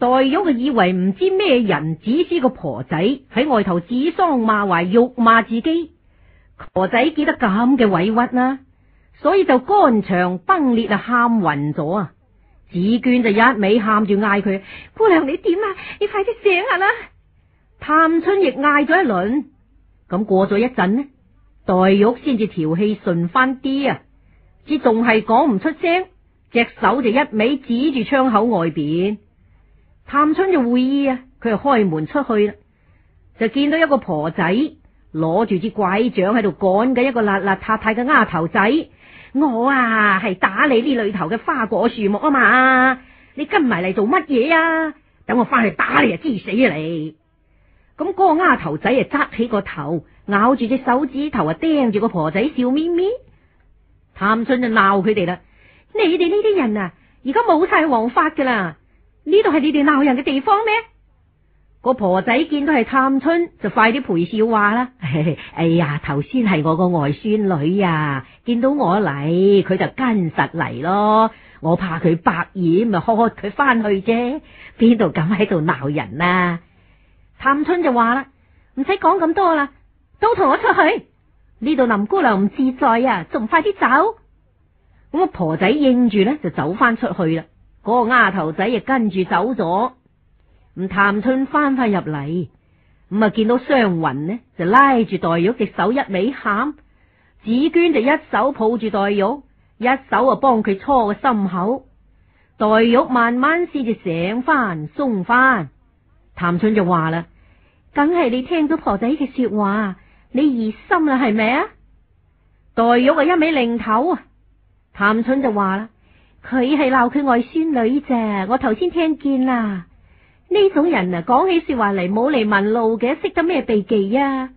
黛玉就以為唔知咩人，只知個婆仔喺外頭指桑罵槐，辱罵自己。婆仔記得咁嘅委屈啦、啊，所以就肝腸崩裂啊，喊暈咗啊！紫鵑就一味喊住嗌佢：姑娘你點啊？你快啲醒下、啊、啦！探春亦嗌咗一輪。咁過咗一陣呢，黛玉先至條氣順翻啲啊，只仲係講唔出聲，隻手就一味指住窗口外邊。探春就會意啊，佢就開門出去啦，就見到一個婆仔攞住支拐杖喺度趕緊一個邋邋遢遢嘅丫頭仔。我啊係打理呢裏頭嘅花果樹木啊嘛，你跟埋嚟做乜嘢啊？等我翻去打你啊，知死啊你！咁嗰個丫頭仔啊，紮起個頭，咬住隻手指頭啊，盯住個婆仔笑眯眯。探春就鬧佢哋啦，你哋呢啲人啊，而家冇晒王法噶啦！呢度係你哋鬧人嘅地方咩？個婆仔見到係探春，就快啲陪笑話啦。 哎呀，頭先係我個外孫女啊，見到我嚟，佢就跟實嚟咯。我怕佢百厭，咪呵佢翻去啫。邊度敢喺度鬧人啊？探春就話啦，唔使講咁多啦，都同我出去。呢度林姑娘唔自在啊，仲快啲走？咁個婆仔應住咧，就走翻出去啦。嗰個丫頭仔啊，跟住走咗。咁探春翻翻入嚟，咁啊見到雙雲呢，就拉住黛玉隻手一味，一味喊。紫鵑就一手抱住黛玉，一手啊幫佢搓個心口。黛玉慢慢先至醒翻鬆翻。探春就話啦：梗係你聽咗婆仔嘅說話，你疑心啦，係咪啊？黛玉啊，一味擰頭啊。探春就話啦。佢係鬧佢外孫女啫，我頭先聽見啦。呢種人啊，講起說話嚟冇嚟問路嘅，識得咩避忌啊？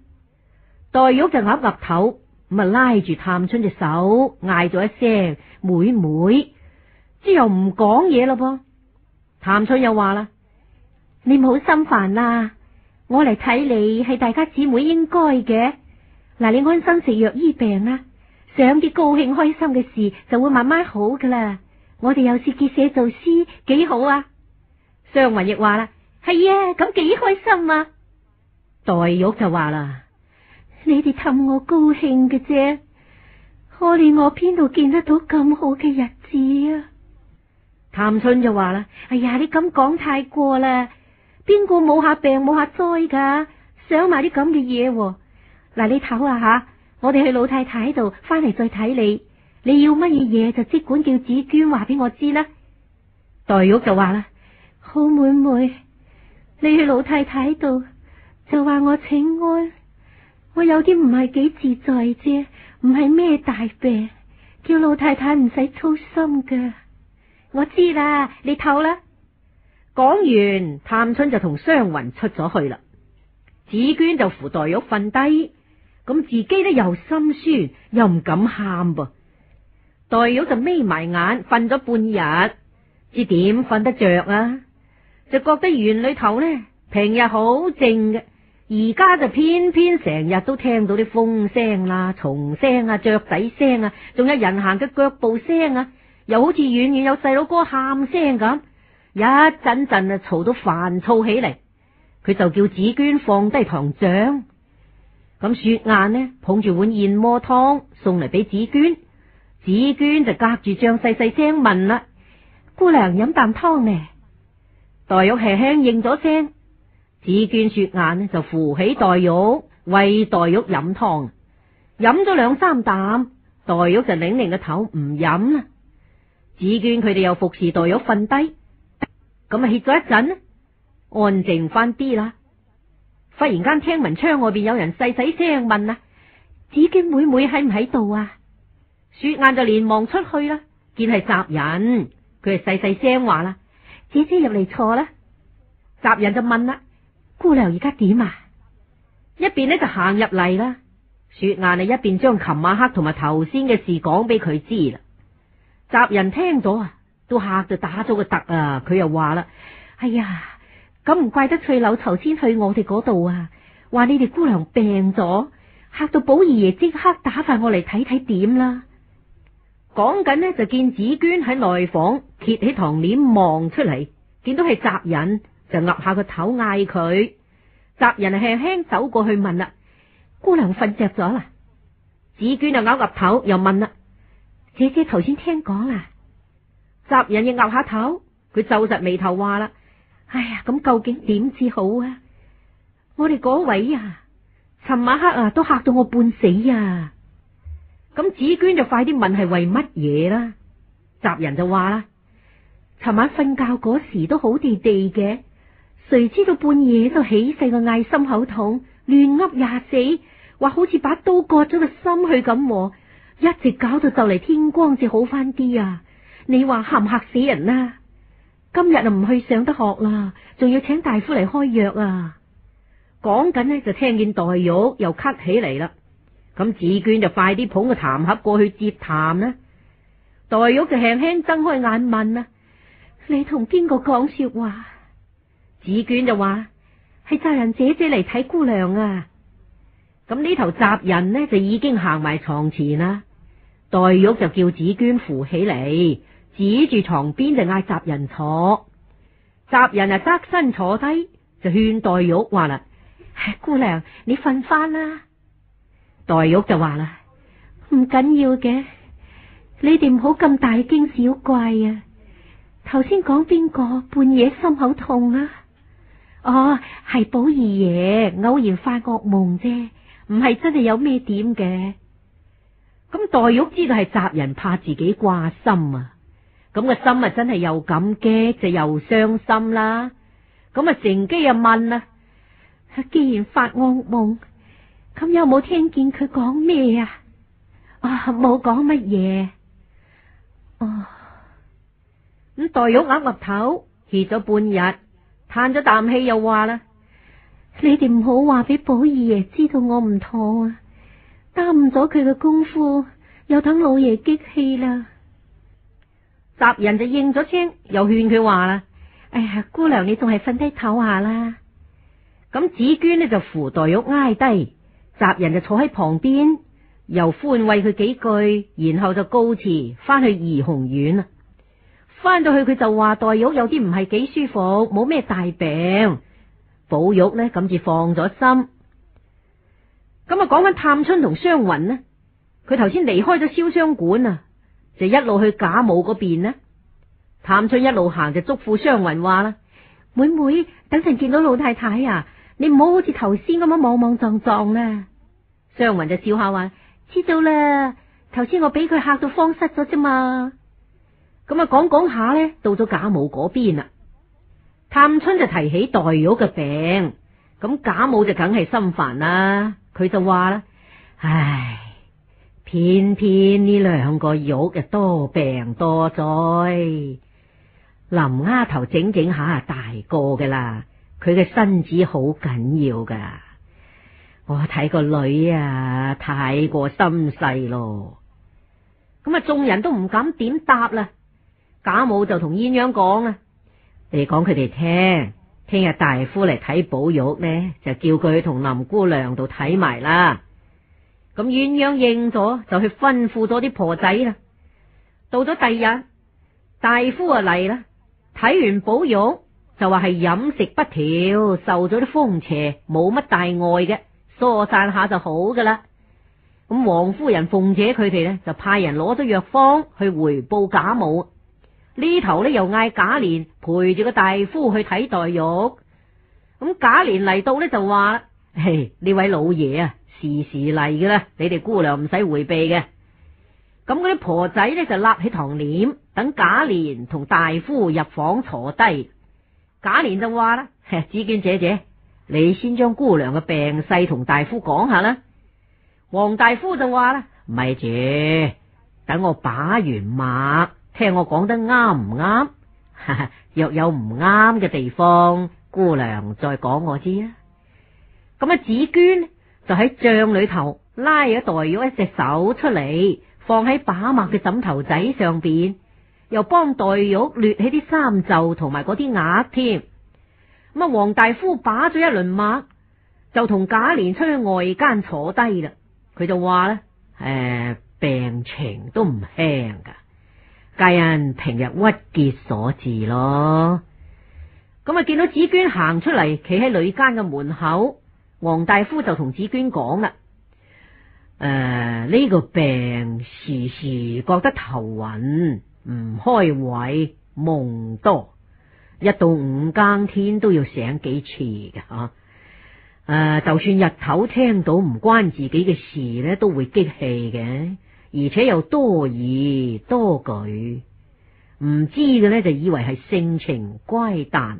黛玉就岌岌頭，咁啊拉住探春隻手，嗌咗一聲妹妹，之後唔講嘢咯噃。探春又話啦：你唔好心煩啦，我嚟睇你係大家姊妹應該嘅。嗱，你安心食藥醫病啦，啊，想啲高興開心嘅事，就會慢慢好噶啦。我哋又是結社做詩，幾好啊！湘雲亦話啦，係啊，咁幾開心啊！黛玉就話啦，你哋氹我高興嘅啫，可憐我邊度見得到咁好嘅日子啊！探春就話啦，哎呀，你咁講太過啦，邊個冇下病冇下災噶想埋啲咁嘅嘢。嗱、啊，你唞下吓，我哋去老太太度，翻嚟再睇你。你要乜嘢嘢就即管叫紫鵑話俾我知啦。黛玉就話啦，好妹妹，你去老太太度就話我請安。我有啲唔係幾自在啫，唔係咩大病，叫老太太唔使操心噶。我知啦，你唞啦。講完，探春就同湘雲出咗去啦。紫鵑就扶黛玉瞓低，咁自己都又心酸又唔敢喊噃。黛玉就眯埋眼瞓咗半日，知點瞓得着啊？就覺得園裏頭呢平日好靜嘅，而家就偏偏成日都聽到啲風聲啦、啊、蟲聲啊、雀仔聲啊，仲有人行嘅腳步聲啊，又好似遠遠有細佬哥喊聲咁，一陣陣啊嘈到煩躁起嚟，佢就叫紫鵑放低糖漿。咁雪雁呢捧住碗燕窩湯送嚟俾紫鵑。紫娟就隔住帳細細聲問啦：姑娘飲啖湯呢？黛玉輕輕應咗聲。紫娟雪眼呢就扶起黛玉，喂黛玉飲湯。飲咗兩三啖，黛玉就擰擰個頭唔飲啦。紫娟佢哋又服侍黛玉瞓低，咁歇咗一陣，安靜翻啲啦。忽然間聽聞窗外邊有人細細聲問啦：紫娟妹妹喺唔喺度啊？雪雁就連忙出去啦，見係襲人，佢係細細聲話啦：姐姐入嚟坐啦。襲人就問啦：姑娘而家點啊？一邊呢就行入嚟啦。雪雁啊，一邊將琴晚黑同埋頭先嘅事講俾佢知啦。襲人聽咗啊，都吓到打咗個突啊！佢又話啦：哎呀，咁唔怪得翠柳頭先去我哋嗰度啊，話你哋姑娘病咗，吓到寶二爺即刻打發我嚟睇睇點啦。講緊呢就見紫鵑喺內房揭起堂簾望出嚟，見到係襲人就岌下個頭嗌佢。襲人輕輕走過去問啦：姑娘瞓着咗啦？紫鵑啊岌岌頭又問啦：姐姐頭先聽講啊？襲人亦岌下頭，佢皺實眉頭話啦：哎呀，咁究竟點至好啊？我哋嗰位啊，尋晚黑啊都嚇到我半死啊！咁紫鵑就快啲問係為乜嘢啦？襲人就話啦：尋晚瞓覺嗰時都好地地嘅，誰知道半夜都起勢個嗌心口痛，亂噏廿四，話好似把刀割咗個心去咁，一直搞到就嚟天光至好返啲啊！你話嚇唔嚇死人啦、啊？今日啊唔去上得學啦，仲要請大夫嚟開藥啊！講緊呢，就聽見黛玉又咳起嚟啦。咁紫鵑就快啲捧個痰盒過去接痰啦。黛玉就輕輕睜開眼問啦：你同邊個講說話？紫鵑就話：係襲人姐姐嚟睇姑娘啊。咁呢頭襲人呢就已經行埋床前啦。黛玉就叫紫鵑扶起嚟，指住床邊就嗌襲人坐。襲人啊，側身坐低就勸黛玉話啦、哎：姑娘，你瞓翻啦。黛玉就話啦：唔緊要嘅，你哋唔好咁大驚小怪啊！頭先講邊個半夜心口痛啊？哦，係寶二爺偶然發惡夢啫，唔係真係有咩點嘅。咁黛玉知道係襲人怕自己掛心啊，咁個心啊真係又感激就又傷心啦。咁啊，乘機又問啦：既然發惡夢？咁有冇聽見佢講咩啊？啊，冇講乜嘢。哦、啊，咁黛玉岌岌頭，歇咗 半日，嘆咗啖氣，又話啦：你哋唔好話俾寶二爺知道我唔妥啊，耽誤咗佢嘅功夫，又等老爺激氣啦。襲人就應咗聲，又勸佢話啦：哎呀，姑娘你仲係瞓低唞下啦。咁紫娟，呢就扶黛玉挨低。襲人就坐喺旁邊，又寬慰佢幾句，然後就告辭翻去怡紅院啦。翻到去佢就話黛玉有啲唔係幾舒服，冇咩大病。寶玉呢，咁至放咗心。咁啊，講緊探春同湘雲呢？佢頭先離開咗瀟湘館啊，就一路去賈母嗰邊啦。探春一路行就囑咐湘雲話啦：妹妹，等陣見到老太太啊，你唔好好似頭先咁樣莽莽撞撞啦。湘雲就笑下話：知道啦，頭先我俾佢吓到慌失咗啫嘛。咁啊，講講下咧，到咗賈母嗰邊啦。探春就提起黛玉嘅病，咁賈母就梗係心煩啦。佢就話啦：唉，偏偏呢兩個玉又多病多災。林丫頭整整下大個噶啦，佢嘅身子好緊要噶。我睇個女啊，太過心細咯。咁啊，眾人都唔敢點答啦。賈母就同鴛鴦講啊，你講佢哋聽，聽日大夫嚟睇寶玉咧，就叫佢同林姑娘度睇埋啦。咁鴛鴦應咗，就去吩咐咗啲婆仔啦。到咗第二日，大夫啊嚟啦，睇完寶玉就話係飲食不調，受咗啲風邪，冇乜大礙嘅。多散下就好噶啦。咁王夫人鳳姐佢哋呢，就派人攞咗藥方去回報賈母。呢頭呢，又嗌賈璉陪住個大夫去睇黛玉。咁賈璉嚟到呢，就話：嘿，呢位老爺啊，時時嚟噶啦，你哋姑娘唔使回避嘅。咁嗰啲婆仔呢，就立起堂簾，等賈璉同大夫入房坐低。賈璉就話啦：紫鵑姐姐。你先將姑娘嘅病勢同大夫講下啦。王大夫就話啦：咪住，等我把完脈，聽我講得啱唔啱？若有唔啱嘅地方，姑娘再講我知啊。咁啊，紫鵑就喺帳裏頭拉咗黛玉一隻手出嚟，放喺把脈嘅枕頭仔上邊，又幫黛玉掠起啲衫袖同埋嗰啲額添。咁啊，黃大夫把咗一輪脈，就同賈璉出去外間坐低啦。佢就話咧：誒、呃，病情都唔輕噶，皆因平日鬱結所致咯。咁、嗯、啊，見到紫鵑行出嚟，企喺裡間嘅門口，黃大夫就同紫鵑講啦：誒、呃、呢、這個病時時覺得頭暈，唔開胃，夢多。一到五更天都要醒幾次嘅吓，誒、啊，就算日頭聽到唔關自己嘅事咧，都會激氣嘅，而且又多疑多懼，唔知嘅咧就以為係性情乖誕，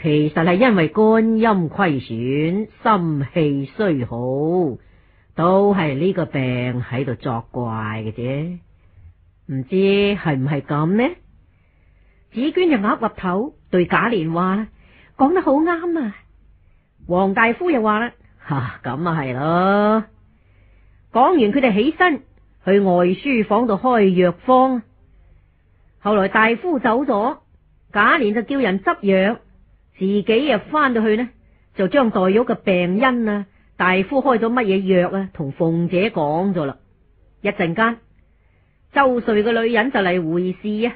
其實係因為肝陰虧損，心氣衰耗，都係呢個病喺度作怪嘅啫，唔知係唔係咁呢？紫鵑就岌岌頭對賈蓮話：，講得好啱啊！黃大夫又話啦：，吓咁啊，係咯。講完佢哋起身去外書房度開藥方。後來大夫走咗，賈蓮就叫人執藥，自己又翻到去呢，就將黛玉嘅病因啊，大夫開咗乜嘢藥啊，同鳳姐講咗啦。一陣間，周瑞嘅女人就嚟回事啊。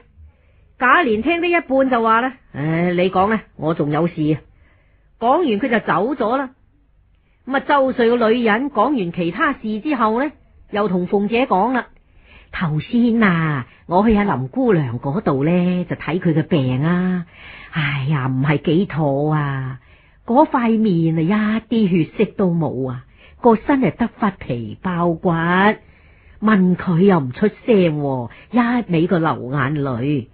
賈璉聽得一半就話啦：，唉、呃，你講啦，我仲有事、啊。講完佢就走咗啦。咁啊，周瑞嘅女人講完其他事之後呢，又同鳳姐講啦：，頭先啊，我去阿林姑娘嗰度呢，就睇佢嘅病啊。哎呀，唔係幾妥啊！嗰塊面啊，一啲血色都冇啊，個身係得返皮包骨，問佢又唔出聲，一味個流眼淚。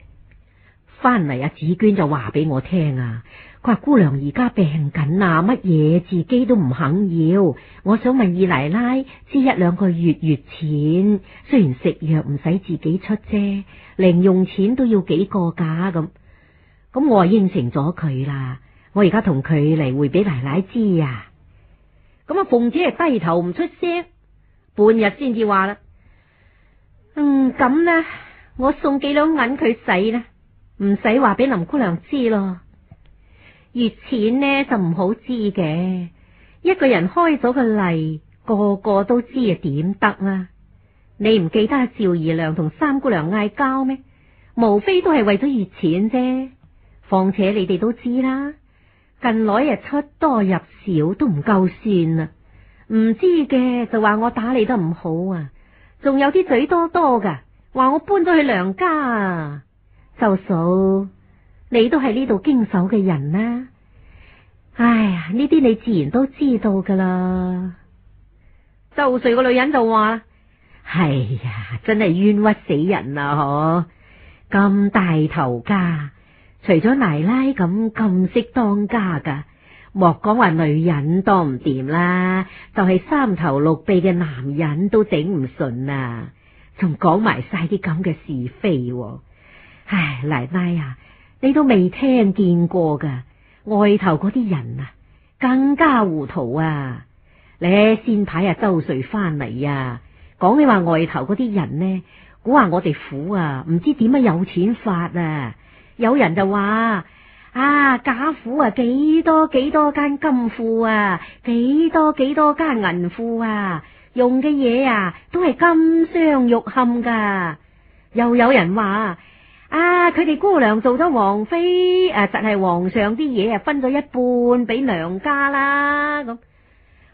翻嚟，阿紫娟就話俾我聽啊，佢話姑娘而家病緊啊，乜嘢自己都唔肯要。我想問二奶奶支一兩個月月錢，雖然食藥唔使自己出啫，零用錢都要幾個假咁。咁我應承咗佢啦，我而家同佢嚟回俾奶奶知啊。咁啊，鳳姐係低頭唔出聲，半日先至話啦。嗯，咁咧，我送幾兩銀佢使啦。唔使話俾林姑娘知咯，月錢呢就唔好知嘅。一個人開咗個例，個個都知啊，點得啦？你唔記得阿趙姨娘同三姑娘嗌交咩？無非都係為咗月錢啫。況且你哋都知啦，近來日出多入少都唔夠算啦。唔知嘅就話我打理得唔好啊，仲有啲嘴多多噶，話我搬咗去娘家。就嫂，你都係呢度經手嘅人啦，啊，哎呀，呢啲你自然都知道噶啦。就隨個女人就話啦，係、哎、呀，真係冤屈死人啊！嗬，咁大頭家，除咗奶奶咁咁識當家噶，莫講話女人當唔掂啦，就係、是、三頭六臂嘅男人都頂唔順啊，仲講埋晒啲咁嘅是非。唉，奶奶呀、啊，你都未聽見過噶，外頭嗰啲人啊，更加糊塗啊！你先睇啊，周瑞翻嚟呀。講起話外頭嗰啲人呢，估話我哋府啊，唔知點樣有錢發啊！有人就話啊，賈府啊，幾多幾多間金庫啊，幾多幾多間銀庫啊，用嘅嘢呀，都係金鑲玉嵌噶，又有人話。啊！佢哋姑娘做咗王妃，啊，實係皇上啲嘢啊，分咗一半俾娘家啦。咁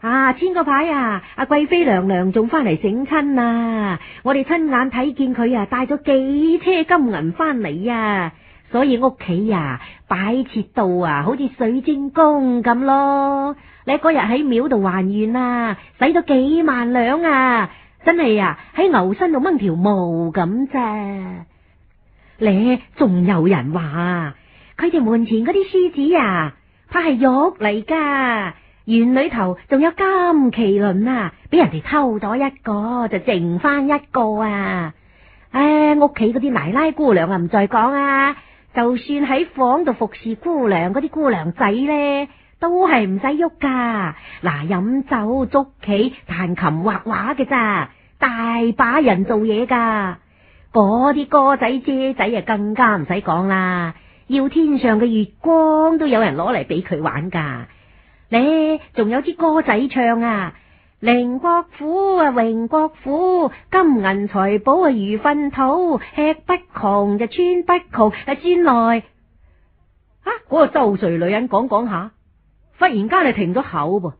啊，前個排啊，阿貴妃娘娘仲翻嚟醒親啊，我哋親眼睇見佢啊，帶咗幾車金銀翻嚟啊，所以屋企呀，擺設到啊，好似水晶宮咁咯。你嗰日喺廟度還願啦，使咗幾萬兩啊，真係呀，喺牛身度掹條毛咁啫。咧，仲有人話佢哋門前嗰啲獅子啊，怕係玉嚟噶。園裏頭仲有金麒麟啊，俾人哋偷咗一個，就剩翻一個啊。唉、哎，屋企嗰啲奶奶姑娘啊，唔再講啊。就算喺房度服侍姑娘，嗰啲姑娘仔呢，都係唔使喐噶。嗱，飲酒、捉棋、彈琴、畫畫嘅咋，大把人做嘢噶。嗰啲歌仔、姐仔啊，更加唔使講啦，要天上嘅月光都有人攞嚟俾佢玩噶。你仲有啲歌仔唱啊，寧國府啊，榮國府，金銀財寶啊如糞土，吃不窮就穿不窮，係之內。啊，嗰、啊那個周瑞女人講講下，忽然間就停咗口噃。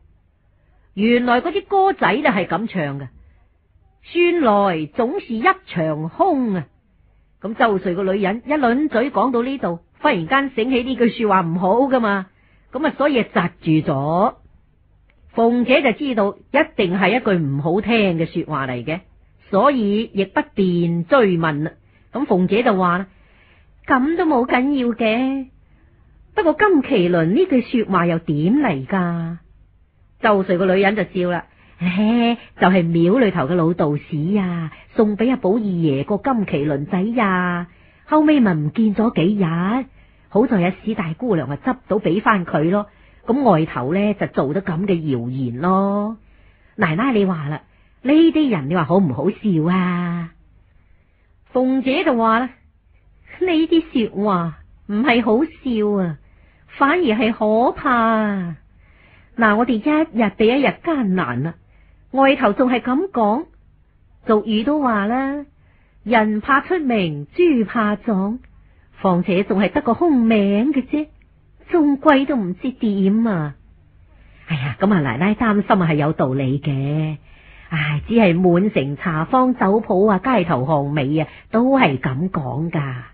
原來嗰啲歌仔咧係咁唱嘅。算來總是一場空啊！咁周瑞個女人一輪嘴講到呢度，忽然間醒起呢句說話唔好噶嘛，咁啊所以窒住咗。鳳姐就知道一定係一句唔好聽嘅說話嚟嘅，所以亦不便追問啦。咁鳳姐就話啦：咁都冇緊要嘅，不過金麒麟呢句說話又點嚟噶？周瑞個女人就笑啦。嘿就係廟裏頭嘅老道士啊，送俾阿寶二爺個金麒麟仔呀。後尾咪唔見咗幾日，好在阿史大姑娘執到俾翻佢咯。咁外頭咧就做得咁嘅謠言咯。奶奶你話啦，呢啲人你話好唔好笑啊？鳳姐就話啦，呢啲說話唔係好笑啊，反而係可怕啊。嗱，我哋一日比一日艱難啊。外頭仲係咁講，俗語都話啦，人怕出名，豬怕壯，況且仲係得個空名嘅啫，終歸都唔知點啊、哎！哎呀，咁阿奶奶擔心係有道理嘅，唉，只係滿城茶坊酒鋪啊，街頭巷尾啊，都係咁講噶，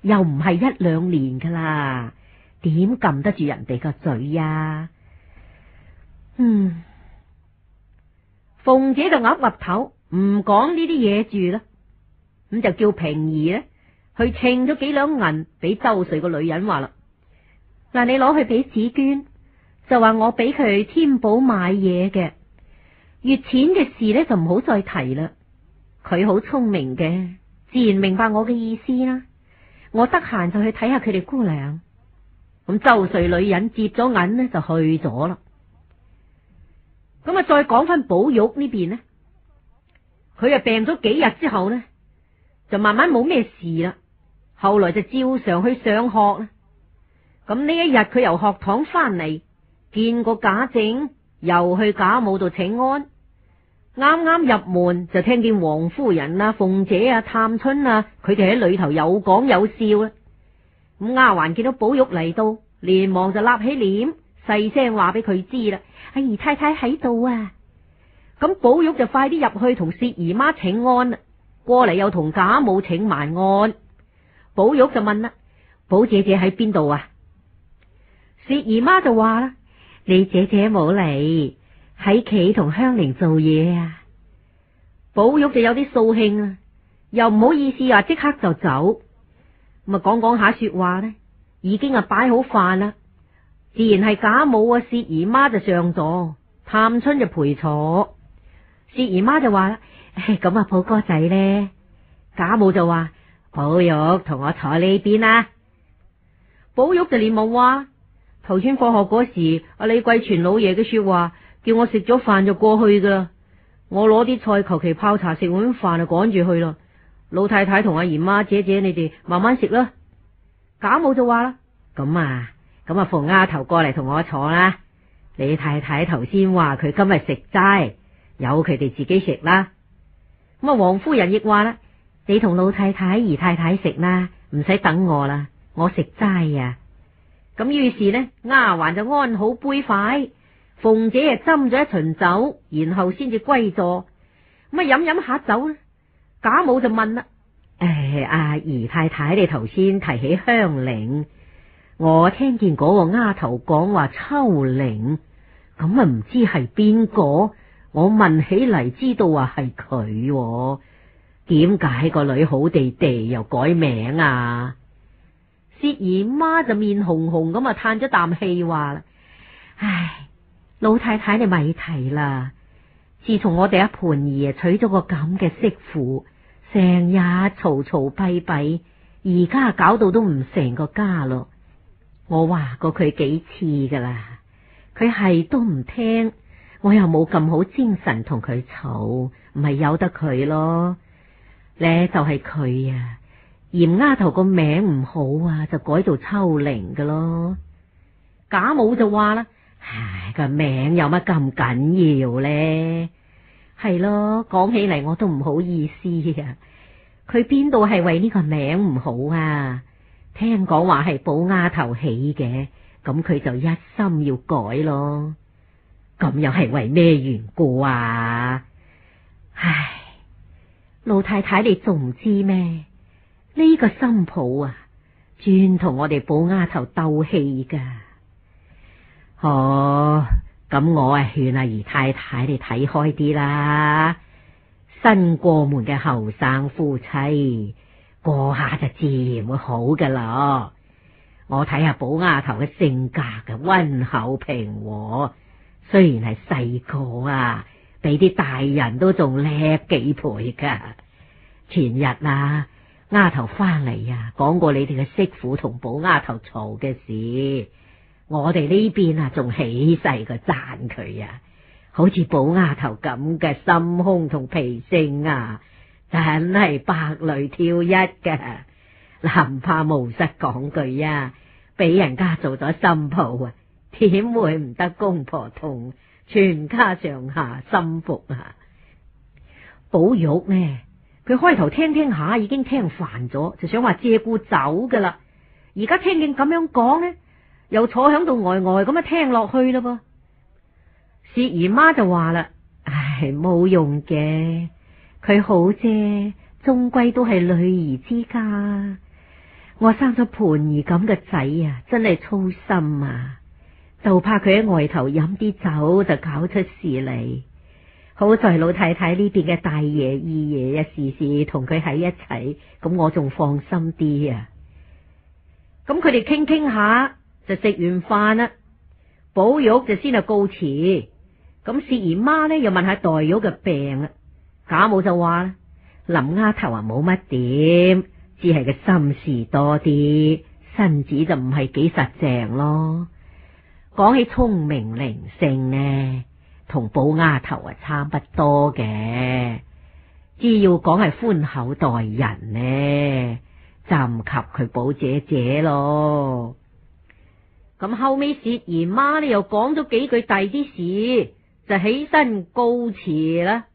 又唔係一兩年噶啦，點撳得住人哋個嘴呀、啊？嗯。鳳姐就岌岌頭，唔講呢啲嘢住啦。咁就叫平兒咧去稱咗幾兩銀俾周瑞個女人話啦。嗱，你攞去俾紫鵑，就話我俾佢添補買嘢嘅。月錢嘅事咧就唔好再提啦。佢好聰明嘅，自然明白我嘅意思啦。我得閒就去睇下佢哋姑娘。咁周瑞女人接咗銀呢，就去咗啦。咁啊，再講翻寶玉呢邊呢，佢啊病咗幾日之後呢，就慢慢冇咩事啦。後來就照常去上學啦。咁呢一日佢由學堂翻嚟，見過賈政，又去賈母度請安。啱啱入門就聽見王夫人啊、鳳姐啊、探春啊，佢哋喺裏頭有講有笑啦。咁丫鬟見到寶玉嚟到，連忙就立起臉。細聲話俾佢知啦，姨、哎、太太喺度啊！咁寶玉就快啲入去同薛姨媽請安啦，過嚟又同賈母請埋安。寶玉就問啦：寶姐姐喺邊度啊？薛姨媽就話啦：你姐姐冇嚟，喺企同香菱做嘢啊。寶玉就有啲掃興啊，又唔好意思話、啊、即刻就走，咪講講下說話咧，已經啊擺好飯啦。自然係賈母啊，薛姨媽就上座，探春就陪坐。薛姨媽就話啦：唉，咁啊，寶哥仔咧，賈母就話：寶玉同我坐呢邊啦。寶玉就連冇話：頭先放學嗰時，阿李貴傳老爺嘅說話，叫我食咗飯就過去噶啦。我攞啲菜，求其泡茶食碗飯就趕住去啦。老太太同阿姨媽姐姐你，你哋慢慢食啦。賈母就話啦：咁啊。.咁啊，鳳丫頭過嚟同我坐啦。李太太頭先話佢今日食齋，由佢哋自己食啦。咁啊，王夫人亦話啦： 你同老太太、姨太太食啦，唔使等我啦，我食齋啊。咁於是呢，丫鬟就安好杯筷，鳳姐又斟咗一巡酒，然後先至歸座。咁飲飲下酒啦。賈母就問啦：誒、哎，阿姨太太，你頭先提起香菱。我聽見嗰個丫頭講話秋菱，咁啊唔知係邊個？我問起嚟，知道話係佢，點解個女好地地又改名啊？薛姨媽就面紅紅咁啊嘆咗啖氣話啦：唉，老太太你咪提啦。自從我哋阿蟠爺娶咗個咁嘅媳婦，成日嘈嘈閉閉，而家搞到都唔成個家咯。我話過佢幾次噶啦，佢係都唔聽，我又冇咁好精神同佢吵，唔係由得佢咯。咧就係佢啊，嫌丫頭個名唔好啊，就改做秋玲嘅咯。賈母就話啦：唉，個名有乜咁緊要咧？係咯，講起嚟，我都唔好意思啊。佢邊度係為呢個名唔好啊？聽講話係寶丫頭起嘅，咁佢就一心要改咯。咁又係為咩緣故啊？唉，老太太你仲唔知咩？呢個新抱啊，專同我哋寶丫頭鬥氣噶。哦，咁我勸啊，勸阿姨太太你睇開啲啦，新過門嘅後生夫妻。過下就自然會好噶啦，我睇下寶丫頭嘅性格嘅溫厚平和，雖然係細個啊，比啲大人都仲叻幾倍噶。前日啊，丫頭翻嚟啊，講過你哋嘅媳婦同寶丫頭嘈嘅事，我哋呢邊啊，仲起勢個讚佢啊，好似寶丫頭咁嘅心胸同脾性啊。真係百里挑一嘅，哪怕無失講句啊，俾人家做咗心抱啊，點會唔得公婆同全家上下心服啊？寶玉呢，佢開頭聽聽下已經聽煩咗，就想話借故走噶啦。而家聽見咁樣講呢，又坐響度呆呆咁樣聽落去啦噃。薛姨媽就話啦：唉，冇用嘅。佢好啫，終歸都係女兒之家。我生咗盤兒咁嘅仔啊，真係操心啊！就怕佢喺外頭飲啲酒就搞出事嚟。好在老太太呢邊嘅大爺二爺啊，時時同佢喺一齊，咁我仲放心啲啊。咁佢哋傾傾下就食完飯啦。寶玉就先去告辭。咁薛姨媽咧又問下黛玉嘅病啊。賈母就話啦：林丫頭啊，冇乜點，只係個心事多啲，身子就唔係幾實淨咯。講起聰明靈性呢，同寶丫頭啊，差不多嘅。只要講係寬厚待人呢，就唔及佢寶姐姐咯。咁後尾薛姨媽呢，又講咗幾句第啲事，就起身告辭啦。